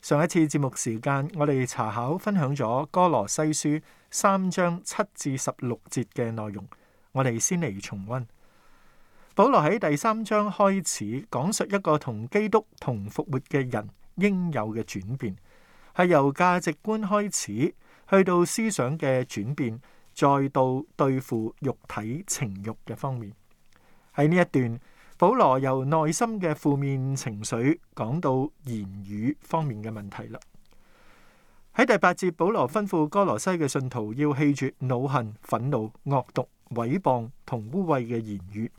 上一次節目時間，我哋查考分享咗《歌羅西書》三章七至十六節嘅內容，我哋先嚟重溫。保羅喺第三章開始講述一個同基督同復活嘅人應有嘅轉變，係由價值觀開始，去到思想嘅轉變，再到對付肉體情欲嘅方面。喺呢一段。保羅由內心嘅負面情緒講到言語方面嘅問題啦。喺第八節，保羅吩咐哥羅西嘅信徒要棄絕惱恨、憤怒、惡毒、毀謗同污穢嘅言語。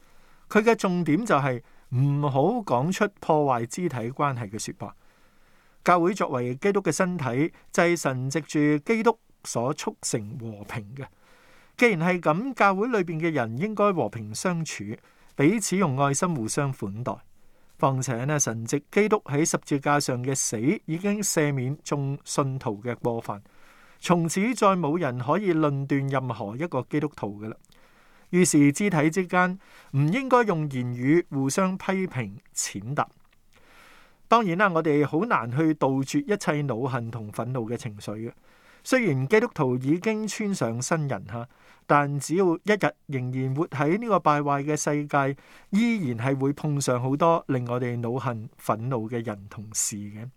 佢嘅重點就係唔好講出破壞肢體關係嘅說話。教會作為基督嘅身體，祭、就係、神藉住基督所促成和平嘅。既然係咁，教會裏邊嘅人應該和平相處。彼此用愛心互相款待，況且呢，神藉基督喺十字架上嘅死，已經赦免眾信徒嘅過犯，從此再冇人可以論斷任何一個基督徒嘅啦。於是肢體之間唔應該用言語互相批評踐踏。當然啦，我哋好難去杜絕一切惱恨同憤怒嘅情緒嘅。雖然基督徒已經穿上新人哈。但只要一日仍然活喺呢個敗壞嘅世界，依然係會碰上好多令我哋惱恨憤怒嘅人同事嘅。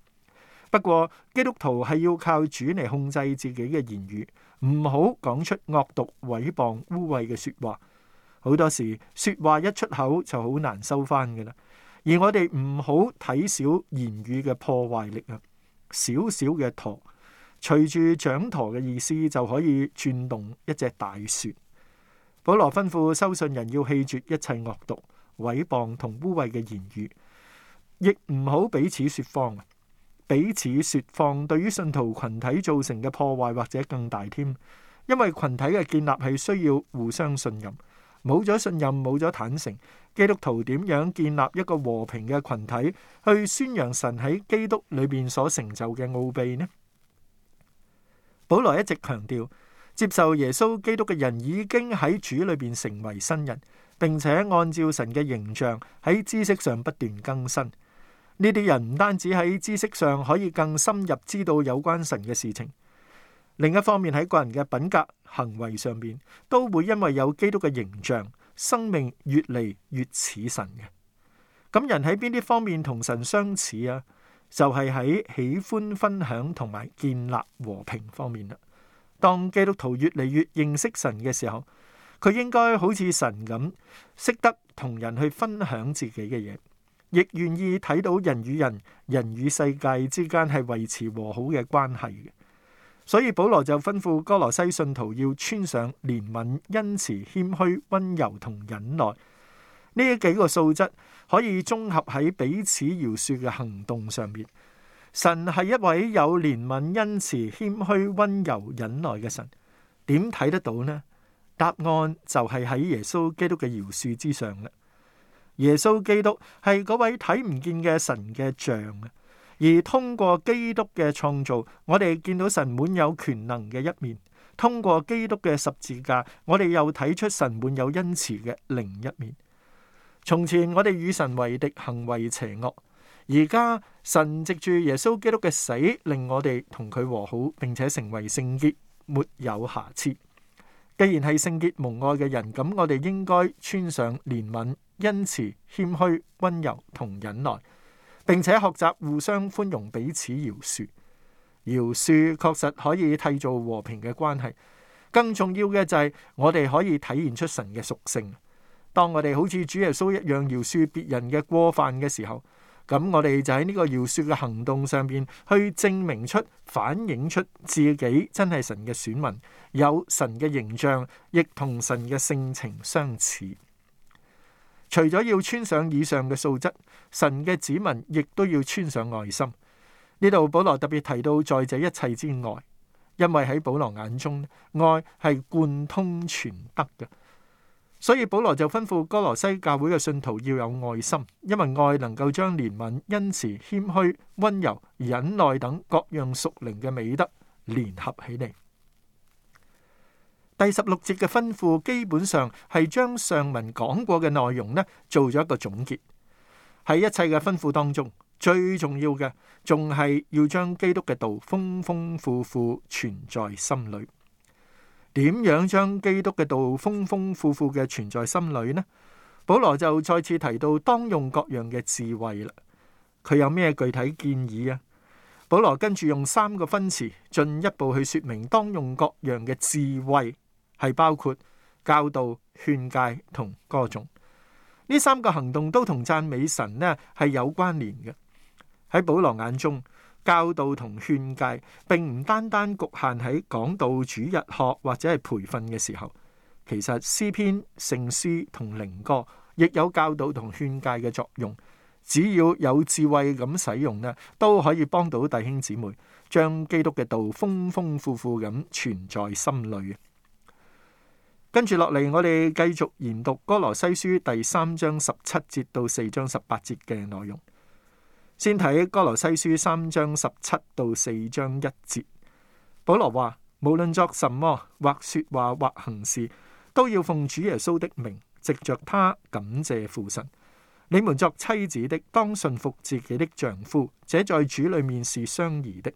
不過基督徒係要靠主嚟控制自己嘅言語，唔好講出惡毒、毀謗、污穢嘅說話，好多時說話一出口就好難收翻嘅啦。而我哋唔好睇小言語嘅破壞力啊，小小嘅舵，隨住掌舵嘅意思，就可以轉動一隻大船。保羅吩咐收信人要棄絕一切惡毒、毀謗同污穢嘅言語，亦唔好彼此說謊。彼此說謊對於信徒群體造成嘅破壞或者更大添，因為群體嘅建立係需要互相信任。冇咗信任，冇咗坦誠，基督徒點樣建立一個和平嘅群體去宣揚神喺基督裏邊所成就嘅奧秘呢？保羅一直強調，接受耶穌基督嘅人已經喺主裏邊成為新人，並且按照神嘅形象喺知識上不斷更新。呢啲人唔單止喺知識上可以更深入知道有關神嘅事情，另一方面喺個人嘅品格行為上面都會因為有基督嘅形象，生命越嚟越似神嘅。咁人喺邊啲方面同神相似啊？就係喺喜歡分享同埋建立和平方面啦。當基督徒越嚟越認識神嘅時候，佢應該好似神咁，識得同人去分享自己嘅嘢，亦願意睇到人與人、人與世界之間係維持和好嘅關係。所以保羅就吩咐哥羅西信徒要穿上憐憫、恩慈、謙虛、温柔同忍耐。呢幾個素質可以綜合喺彼此饒恕嘅行動上面。神係一位有憐憫、恩慈、謙虛、溫柔、忍耐嘅神。點睇得到呢？答案就係喺耶穌基督嘅饒恕之上啦。耶穌基督係嗰位睇唔見嘅神嘅像啊，而通過基督嘅創造，我哋見到神滿有權能嘅一面；通過基督嘅十字架，我哋又睇出神滿有恩慈嘅另一面。從前我哋與神為敵，行為邪惡。而家神藉住耶穌基督嘅死，令我哋同佢和好，並且成為聖潔，沒有瑕疵。既然係聖潔蒙愛嘅人，咁我哋應該穿上憐憫、恩慈、謙虛、謙虛、溫柔同忍耐，並且學習互相寬容，彼此饒恕。饒恕確實可以締造和平嘅關係。更重要嘅就係我哋可以體現出神嘅屬性。當我哋好似主耶穌一樣饒恕別人嘅過犯嘅時候，咁我哋就喺呢個饒恕嘅行動上邊，去證明出、反映出自己真係神嘅選民，有神嘅形象，亦同神嘅性情相似。除咗要穿上以上嘅素質，神嘅子民亦都要穿上愛心。呢度保羅特別提到，在這一切之外，因為喺保羅眼中，愛係貫通全德嘅。所以保羅就吩咐哥羅西教會嘅信徒要有愛心，因為愛能夠將憐憫、恩慈、謙虛、温柔、忍耐等各樣屬靈嘅美德聯合起嚟。第十六節嘅吩咐基本上係將上文講過嘅內容呢，做咗一個總結。喺一切嘅吩咐當中，最重要嘅仲係要將基督嘅道豐豐富富存在心裏。點樣將基督嘅道豐豐富富嘅存在心裏呢？保羅就再次提到當用各樣嘅智慧啦。佢有咩具體建議啊？保羅跟住用三個分詞進一步去說明當用各樣嘅智慧係包括教導、勸戒同歌頌。呢三個行動都同讚美神呢係有關聯嘅。喺保羅眼中，教導同勸誡，並唔單單局限喺講道、主日學或者係培訓嘅時候，其實詩篇、聖詩同靈歌，亦有教導同勸誡嘅作用。只要有智慧咁使用呢，都可以幫到弟兄姊妹，將基督嘅道豐豐富富咁存在心裏。跟住落嚟，我哋繼續研讀歌羅西書第三章十七節到四章十八節嘅內容。先睇《哥羅西書》三章十七到四章一節，保羅話：無論作什麼，或說話，或行事，都要奉主耶穌的名，藉着他感謝父神。你們作妻子的，當順服自己的丈夫，這在主裏面是相宜的。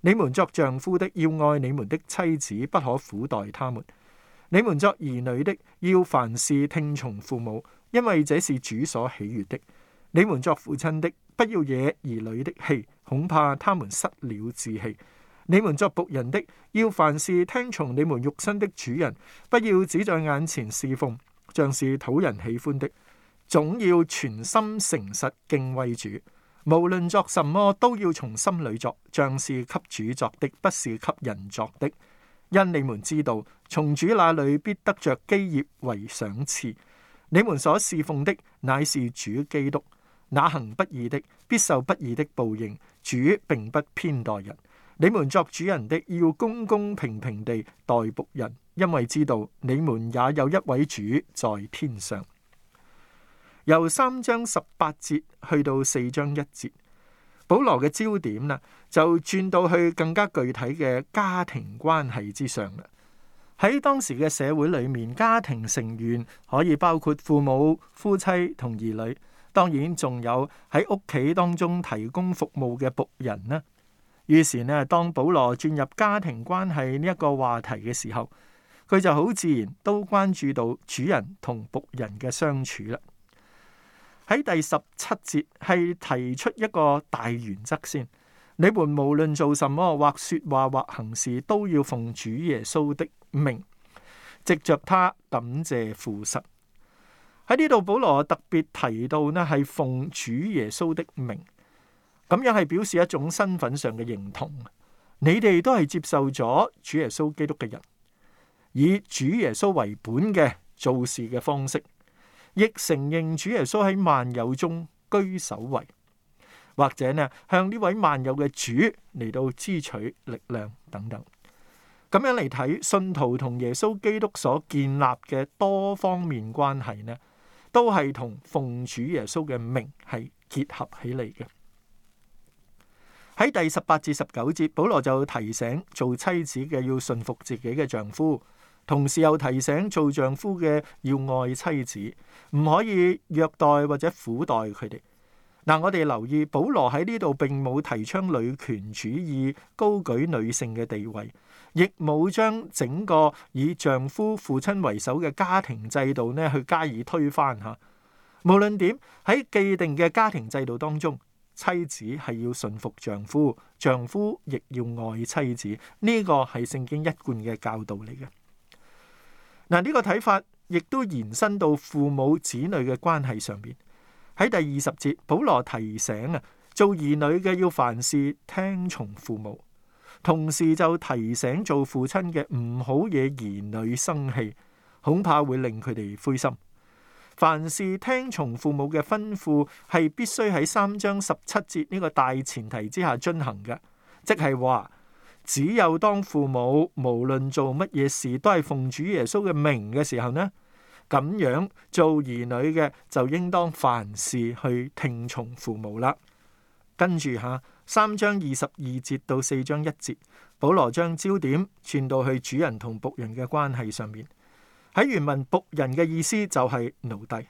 你們作丈夫的，要愛你們的妻子，不可苦待他們。你們作兒女的，要凡事聽從父母，因為這是主所喜悅的。你們作父親的，不要惹兒女的氣，恐怕他們失了志氣。你們作僕人的，要凡事聽從你們肉身的主人，不要只在眼前侍奉，像是討人喜歡的，總要全心誠實敬畏主。無論作什麼，都要從心裏作，像是給主作的，不是給人作的。因你們知道，從主那裏必得着基業為賞賜。你們所侍奉的，乃是主基督。那行不義的，必受不義的報應。主並不偏待人，你們作主人的，要公公平平地待僕人，因為知道你們也有一位主在天上。由三章十八節去到四章一節，保羅嘅焦點啊，就轉到去更加具體嘅家庭關係之上啦。喺當時嘅社會裏面，家庭成員可以包括父母、夫妻同兒女。當然，仲有喺屋企當中提供服務嘅僕人呢。於是呢，當保羅轉入家庭關係呢一個話題嘅時候，佢就好自然都關注到主人同僕人嘅相處啦。喺第十七節係提出一個大原則先，你們無論做什麼或說話或行事，都要奉主耶穌的命，藉着他感謝父神。喺呢度保羅特別提到呢係奉主耶穌的名，咁樣係表示一種身份上嘅認同。你哋都係接受咗主耶穌基督嘅人，以主耶穌為本嘅做事嘅方式，亦承認主耶穌喺萬有中居首位，或者呢向呢位萬有嘅主嚟到支取力量等等。咁樣嚟睇信徒同耶穌基督所建立嘅多方面關係呢？都係同奉主耶穌嘅名係結合起嚟嘅。喺第十八至十九節，保羅就提醒做妻子嘅要順服自己嘅丈夫，同時又提醒做丈夫嘅要愛妻子，唔可以虐待或者苦待佢哋。嗱、嗯，我哋留意保羅喺呢度並冇提倡女權主義，高舉女性嘅地位。亦冇將整個以丈夫、父親為首嘅家庭制度呢，去加以推翻吓。無論點，喺既定嘅家庭制度當中，妻子係要順服丈夫，丈夫亦要愛妻子。呢、呢個係聖經一貫嘅教導嚟嘅。嗱、呢、呢個睇法，亦都延伸到父母子女嘅關係上面。喺第二十節，保羅提醒啊，做兒女嘅要凡事聽從父母。同時就提醒做父親嘅唔好惹兒女生氣，恐怕會令佢哋灰心。凡事聽從父母嘅吩咐，係必須喺三章十七節呢個大前提之下進行嘅，即係話只有當父母無論做乜嘢事都係奉主耶穌嘅名嘅時候呢，咁樣做兒女嘅就應當凡事去聽從父母啦。跟住下。三章二十二節到四章一節，保羅將焦點轉到去主人同僕人嘅關係上面。喺原文，僕人嘅意思就係奴隸。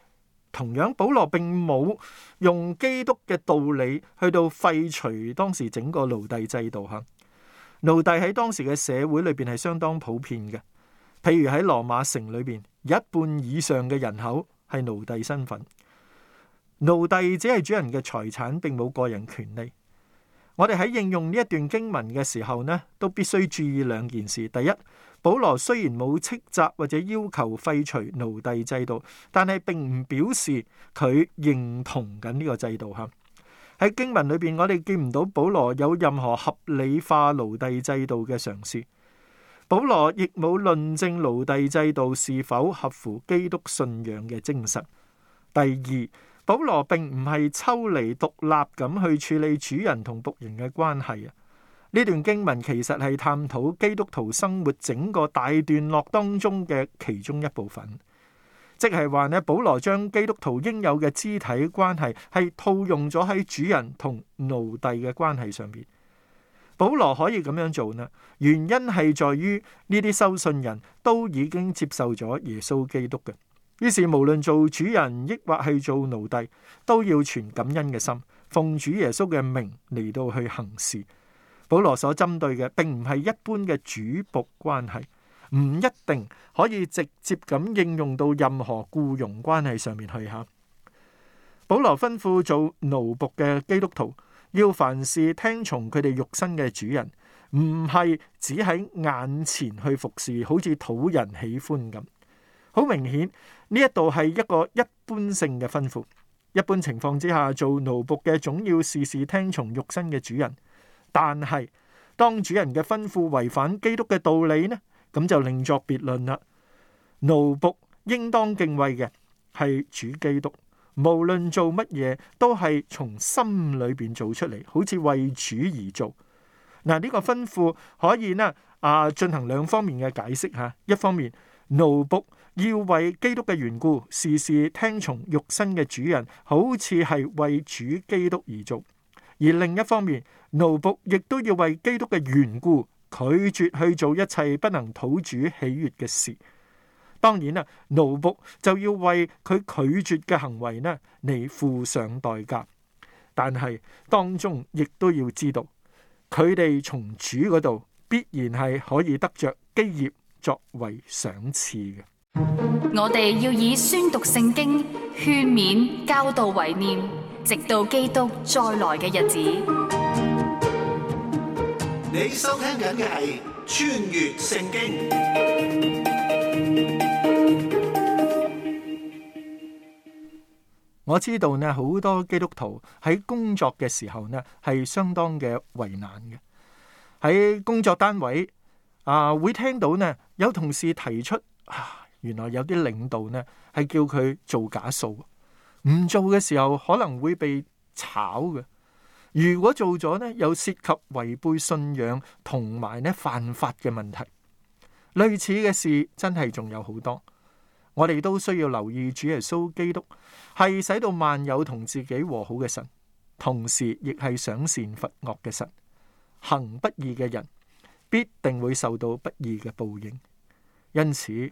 同樣，保羅並冇用基督嘅道理去到廢除當時整個奴隸制度。吓，奴隸喺當時嘅社會裏邊係相當普遍嘅。譬如喺羅馬城裏邊，一半以上嘅人口係奴隸身份。奴隸只係主人嘅財產，並冇個人權利。我哋喺應用呢一段經文嘅時候呢，都必須注意兩件事。第一，保羅雖然冇斥責或者要求廢除奴隸制度，但係並唔表示佢認同緊呢個制度吓。喺經文裏邊，我哋見唔到保羅有任何合理化奴隸制度嘅嘗試。保羅亦冇論證奴隸制度是否合乎基督信仰嘅精神。第二。保羅並唔係抽離獨立咁去處理主人同僕人嘅關係啊！呢段經文其實係探討基督徒生活整個大段落當中嘅其中一部分，即係話咧，保羅將基督徒應有嘅肢體關係係套用咗喺主人同奴隸嘅關係上面。保羅可以咁樣做啦，原因係在於呢啲收信人都已經接受咗耶穌基督嘅。於是無論做主人，抑或係做奴隸，都要存感恩嘅心，奉主耶穌嘅名嚟到去行事。保羅所針對嘅，並唔係一般嘅主僕關係，唔一定可以直接咁應用到任何雇傭關係上面去吓。保羅吩咐做奴僕嘅基督徒，要凡事聽從佢哋肉身嘅主人，唔係只喺眼前去服侍，好似討人喜歡咁。好明顯，呢一度係一個一般性嘅吩咐。一般情況之下，做奴僕嘅總要事事聽從肉身嘅主人。但係當主人嘅吩咐違反基督嘅道理呢，咁就另作別論啦。奴僕應當敬畏嘅係主基督，無論做乜嘢都係從心裏邊做出嚟，好似為主而做。嗱，呢個吩咐可以呢啊進行兩方面嘅解釋嚇。一方面，奴僕。要為基督嘅緣故，時時聽從肉身嘅主人，好似係為主基督而做；而另一方面，奴僕亦都要為基督嘅緣故，拒絕去做一切不能討主喜悅嘅事。當然啦，奴僕就要為佢拒絕嘅行為呢，嚟付上代價。但係當中亦都要知道，佢哋從主嗰度必然係可以得着基業作為賞賜嘅。我哋要以宣讀聖經、勸勉、教導為念，直到基督再來嘅日子。你收聽緊嘅係穿越聖經。我知道呢，好多基督徒喺工作嘅時候呢，係相當嘅為難嘅。喺工作單位啊，會聽到呢有同事提出啊。原來有啲領導呢係叫佢做假數，唔做嘅時候可能會被炒嘅。如果做咗呢，又涉及違背信仰同埋呢犯法嘅問題。類似嘅事真係仲有好多，我哋都需要留意。主耶穌基督係使到萬有同自己和好嘅神，同時亦係賞善罰惡嘅神。行不義嘅人必定會受到不義嘅報應，因此，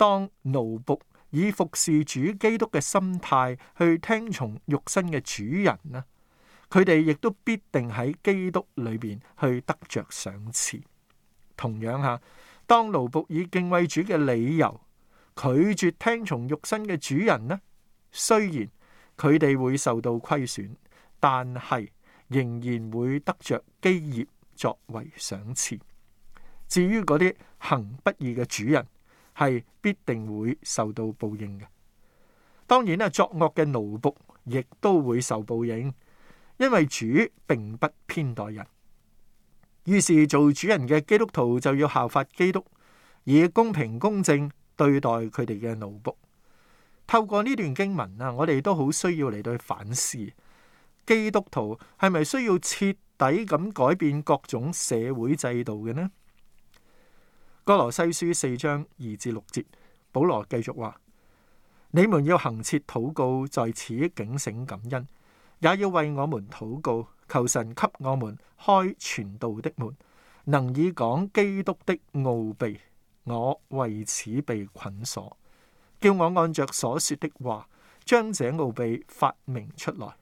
當奴僕以服侍主基督嘅心態去聽從肉身嘅主人呢，佢哋亦都必定喺基督裏面去得着賞賜。同樣吓，當奴僕以敬畏主嘅理由拒絕聽從肉身嘅主人呢，雖然佢哋會受到虧損，但係仍然會得着基業作為賞賜。至於嗰啲行不義嘅主人。係必定會受到報應嘅。當然咧，作惡嘅奴僕亦都會受報應，因為主並不偏待人。於是做主人嘅基督徒就要效法基督，以公平公正對待佢哋嘅奴僕。透過呢段經文啊，我哋都好需要嚟到反思：基督徒係咪需要徹底咁改變各種社會制度嘅呢？歌羅西書四章二至六節，保羅繼續話：你們要恆切禱告，在此警醒感恩，也要為我們禱告，求神給我們開傳道的門，能以講基督的奧秘。我為此被捆鎖，叫我按着所說的話，將這奧秘發明出來。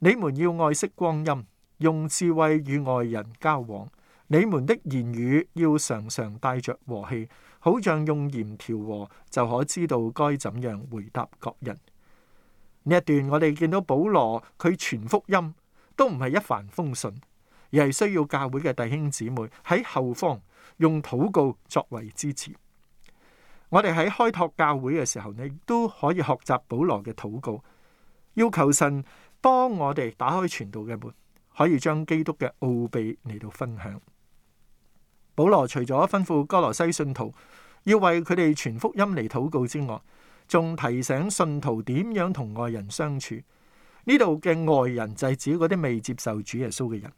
你們要愛惜光陰，用智慧與外人交往。你們的言語要常常帶着和氣，好像用鹽調和，就可知道該怎樣回答各人。呢一段我哋見到保羅佢傳福音都唔係一帆風順，而係需要教會嘅弟兄姊妹喺後方用禱告作為支持。我哋喺開拓教會嘅時候咧，都可以學習保羅嘅禱告，要求神幫我哋打開傳道嘅門，可以將基督嘅奧秘嚟到分享。保羅除咗吩咐哥羅西信徒要為佢哋傳福音嚟禱告之外，仲提醒信徒點樣同外人相處。呢度嘅外人就係指嗰啲未接受主耶穌嘅人。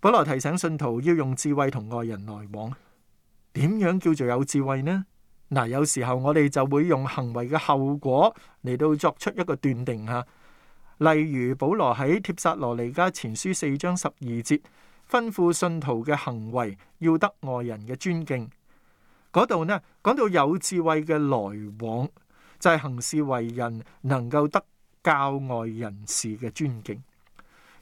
保羅提醒信徒要用智慧同外人來往，點樣叫做有智慧呢？嗱，有時候我哋就會用行為嘅後果嚟到作出一個斷定吓。例如保羅喺帖撒羅尼迦前書四章十二節。吩咐信徒嘅行為要得外人嘅尊敬。嗰度呢，講到有智慧嘅來往，就係行事為人能夠得教外人士嘅尊敬。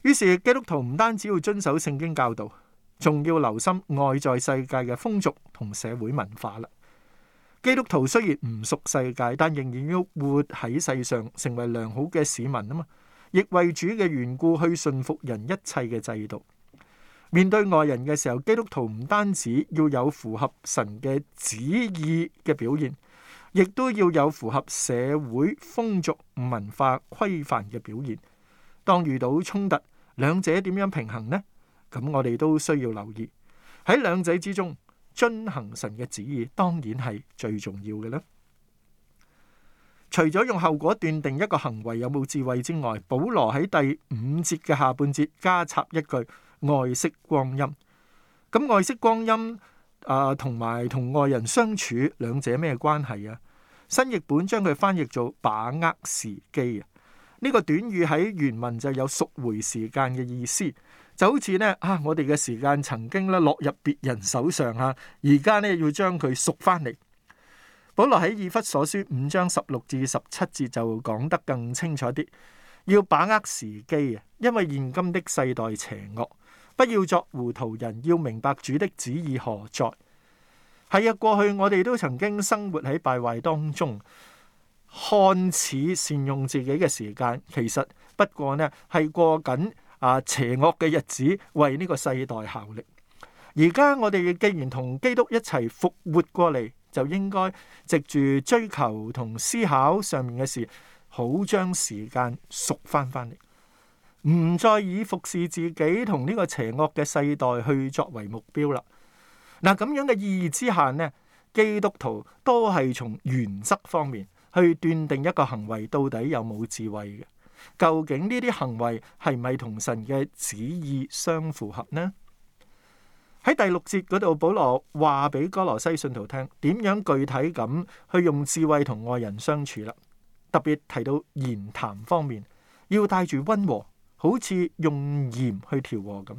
於是基督徒唔單止要遵守聖經教導，仲要留心外在世界嘅風俗同社會文化啦。基督徒雖然唔屬世界，但仍然要活喺世上，成為良好嘅市民啊嘛，亦為主嘅緣故去信服人一切嘅制度。面對外人嘅時候，基督徒唔單止要有符合神嘅旨意嘅表現，亦都要有符合社會風俗文化規範嘅表現。當遇到衝突，兩者點樣平衡呢？咁我哋都需要留意喺兩者之中，遵行神嘅旨意當然係最重要嘅啦。除咗用後果斷定一個行為有冇智慧之外，保羅喺第五節嘅下半節加插一句。愛惜光陰咁，愛惜光陰啊，同埋同外人相處兩者咩關係啊？新譯本將佢翻譯做把握時機啊。呢、這個短語喺原文就有贖回時間嘅意思，就好似呢，啊，我哋嘅時間曾經咧落入別人手上啊，而家呢，要將佢贖翻嚟。保羅喺以弗所書五章十六至十七節就講得更清楚啲，要把握時機啊，因為現今的世代邪惡。不要作糊塗人，要明白主的旨意何在。係啊，過去我哋都曾經生活喺敗壞當中，看似善用自己嘅時間，其實不過呢，係過緊啊邪惡嘅日子，為呢個世代效力。而家我哋既然同基督一齊復活過嚟，就應該藉住追求同思考上面嘅事，好將時間贖翻翻嚟。唔再以服侍自己同呢個邪惡嘅世代去作為目標啦。嗱，咁樣嘅意義之下呢，基督徒都係從原則方面去斷定一個行為到底有冇智慧嘅。究竟呢啲行為係咪同神嘅旨意相符合呢？喺第六節嗰度，保羅話俾哥羅西信徒聽點樣具體咁去用智慧同外人相處啦。特別提到言談方面，要帶住溫和。好似用鹽去調和咁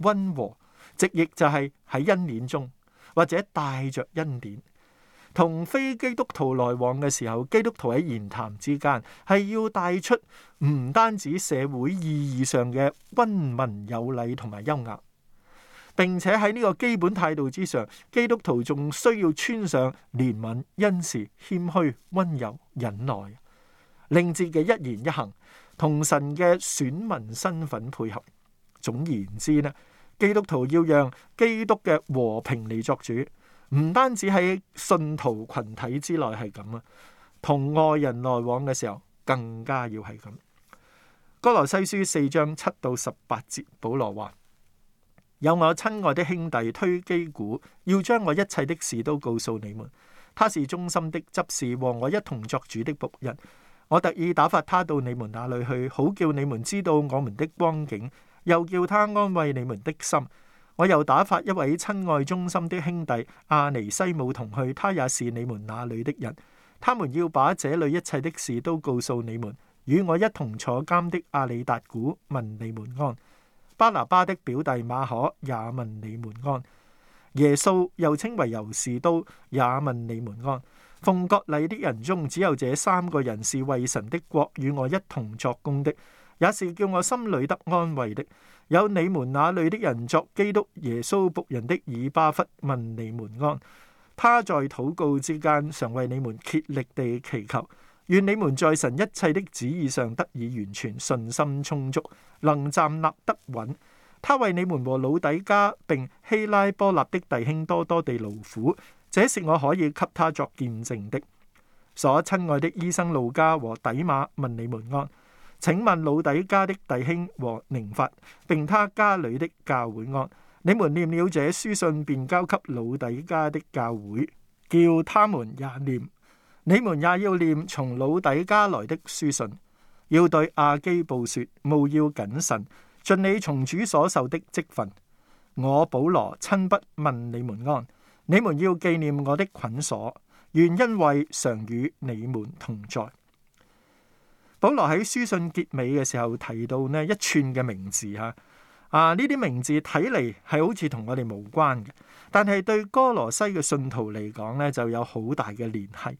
溫和，直譯就係喺恩典中，或者帶着恩典同非基督徒來往嘅時候，基督徒喺言談之間係要帶出唔單止社會意義上嘅溫文有禮同埋優雅，並且喺呢個基本態度之上，基督徒仲需要穿上憐憫、恩慈、謙虛、溫柔、忍耐，令自己嘅一言一行。同神嘅選民身份配合。總而言之呢，基督徒要讓基督嘅和平嚟作主，唔單止喺信徒群體之內係咁啦，同外人來往嘅時候更加要係咁。哥羅西書四章七到十八節，保羅話：有我親愛的兄弟推基古，要將我一切的事都告訴你們，他是忠心的執事，和我一同作主的僕人。我特意打發他到你們那裏去，好叫你們知道我們的光景，又叫他安慰你們的心。我又打發一位親愛忠心的兄弟阿尼西姆同去，他也是你們那裏的人。他們要把這裏一切的事都告訴你們。與我一同坐監的阿里達古問你們安，巴拿巴的表弟馬可也問你們安。耶穌又稱為猶士都也問你們安。奉割禮的人中，只有這三個人是為神的國與我一同作工的，也是叫我心裏得安慰的。有你們那裏的人作基督耶穌僕人的以巴弗問你們安。他在禱告之間常為你們竭力地祈求，願你們在神一切的旨意上得以完全，信心充足，能站立得穩。他為你們和老底加並希拉波納的弟兄多多地勞苦。這是我可以給他作見證的。所親愛的醫生路加和底馬，問你們安。請問老底家的弟兄和寧法，並他家裏的教會安。你們念了這書信，便交給老底家的教會，叫他們也念。你們也要念從老底家來的書信，要對亞基布說：務要謹慎，盡你從主所受的職分。我保羅親筆問你們安。你們要紀念我的捆鎖，願恩惠常與你們同在。保羅喺書信結尾嘅時候提到呢一串嘅名字吓，啊呢啲名字睇嚟係好似同我哋無關嘅，但係對歌羅西嘅信徒嚟講呢，就有好大嘅聯繫，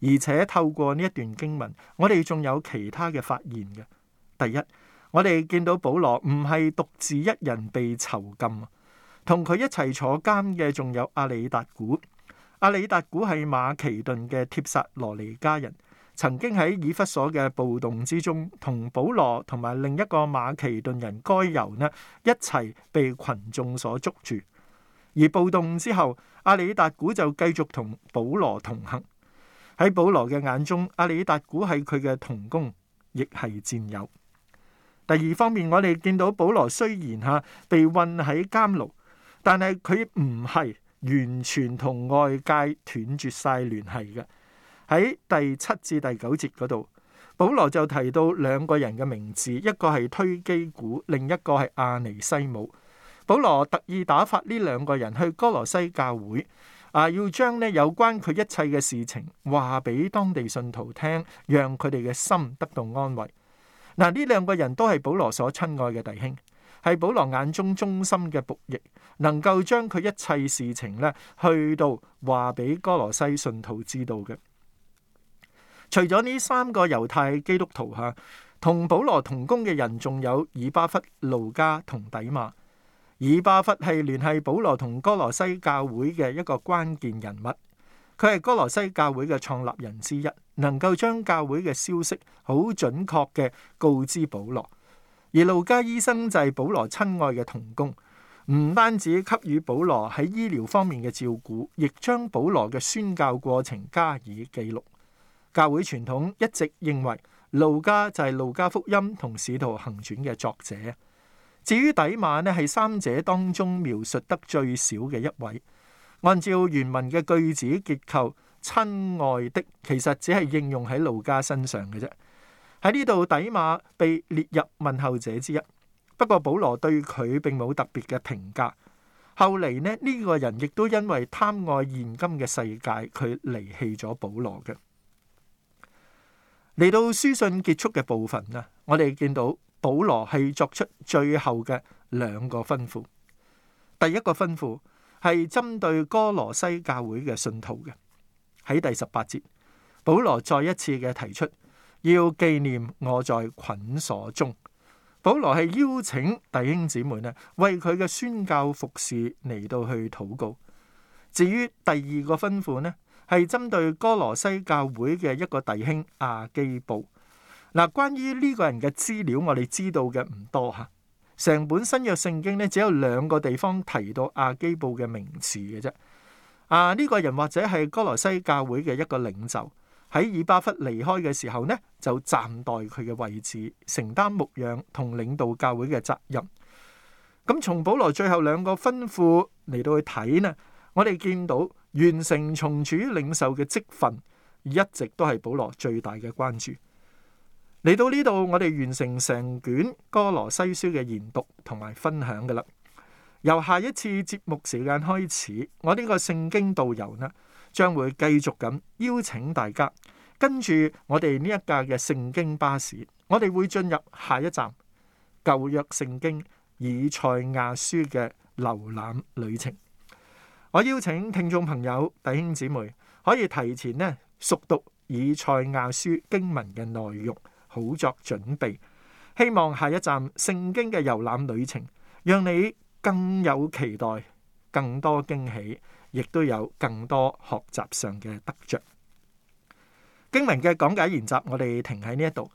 而且透過呢一段經文，我哋仲有其他嘅發現嘅。第一，我哋見到保羅唔係獨自一人被囚禁同佢一齊坐監嘅仲有阿里達古。阿里達古係馬其頓嘅帖撒羅尼迦人，曾經喺以弗所嘅暴動之中，同保羅同埋另一個馬其頓人該猶，呢一齊被群眾所捉住。而暴動之後，阿里達古就繼續同保羅同行。喺保羅嘅眼中，阿里達古係佢嘅同工，亦係戰友。第二方面，我哋見到保羅雖然吓被困喺監獄。但係佢唔係完全同外界斷絕晒聯繫嘅。喺第七至第九節嗰度，保羅就提到兩個人嘅名字，一個係推基古，另一個係阿尼西姆。保羅特意打發呢兩個人去哥羅西教會，啊，要將呢有關佢一切嘅事情話俾當地信徒聽，讓佢哋嘅心得到安慰。嗱、啊，呢兩個人都係保羅所親愛嘅弟兄。係保羅眼中忠心嘅僕役，能夠將佢一切事情咧去到話俾哥羅西信徒知道嘅。除咗呢三個猶太基督徒吓，同保羅同工嘅人仲有以巴弗、路加同底馬。以巴弗係聯繫保羅同哥羅西教會嘅一個關鍵人物，佢係哥羅西教會嘅創立人之一，能夠將教會嘅消息好準確嘅告知保羅。而路加醫生就係保羅親愛嘅同工，唔單止給予保羅喺醫療方面嘅照顧，亦將保羅嘅宣教過程加以記錄。教會傳統一直認為路加就係路加福音同使徒行傳嘅作者。至於底馬呢，係三者當中描述得最少嘅一位。按照原文嘅句子結構，親愛的其實只係應用喺路加身上嘅啫。喺呢度，底馬被列入問候者之一，不過保羅對佢並冇特別嘅評價。後嚟呢呢個人亦都因為貪愛現今嘅世界，佢離棄咗保羅嘅。嚟到書信結束嘅部分啦，我哋見到保羅係作出最後嘅兩個吩咐。第一個吩咐係針對歌羅西教會嘅信徒嘅，喺第十八節，保羅再一次嘅提出。要紀念我在捆鎖中，保羅係邀請弟兄姊妹呢，為佢嘅宣教服侍嚟到去禱告。至於第二個吩咐呢，係針對哥羅西教會嘅一個弟兄亞基布。嗱、啊，關於呢個人嘅資料，我哋知道嘅唔多吓。成本新約聖經呢，只有兩個地方提到亞基布嘅名字嘅啫。啊，呢、呢個人或者係哥羅西教會嘅一個領袖。喺以巴弗離開嘅時候呢，就暫代佢嘅位置，承擔牧養同領導教會嘅責任。咁從保羅最後兩個吩咐嚟到去睇呢，我哋見到完成從主領受嘅職份，一直都係保羅最大嘅關注。嚟到呢度，我哋完成成卷哥羅西書嘅研讀同埋分享噶啦。由下一次節目時間開始，我呢個聖經導遊呢。將會繼續咁邀請大家跟住我哋呢一架嘅聖經巴士，我哋會進入下一站舊約聖經以賽亞書嘅瀏覽旅程。我邀請聽眾朋友弟兄姊妹可以提前呢，熟讀以賽亞書經文嘅內容，好作準備。希望下一站聖經嘅遊覽旅程，讓你更有期待。更多驚喜，亦都有更多學習上嘅得着。經文嘅講解研習，我哋停喺呢一度。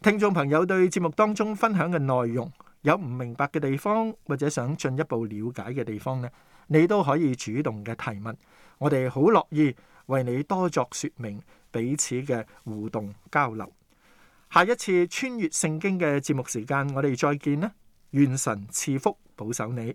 聽眾朋友對節目當中分享嘅內容，有唔明白嘅地方，或者想進一步了解嘅地方呢，你都可以主動嘅提問，我哋好樂意為你多作說明，彼此嘅互動交流。下一次穿越聖經嘅節目時間，我哋再見啦！願神賜福保守你。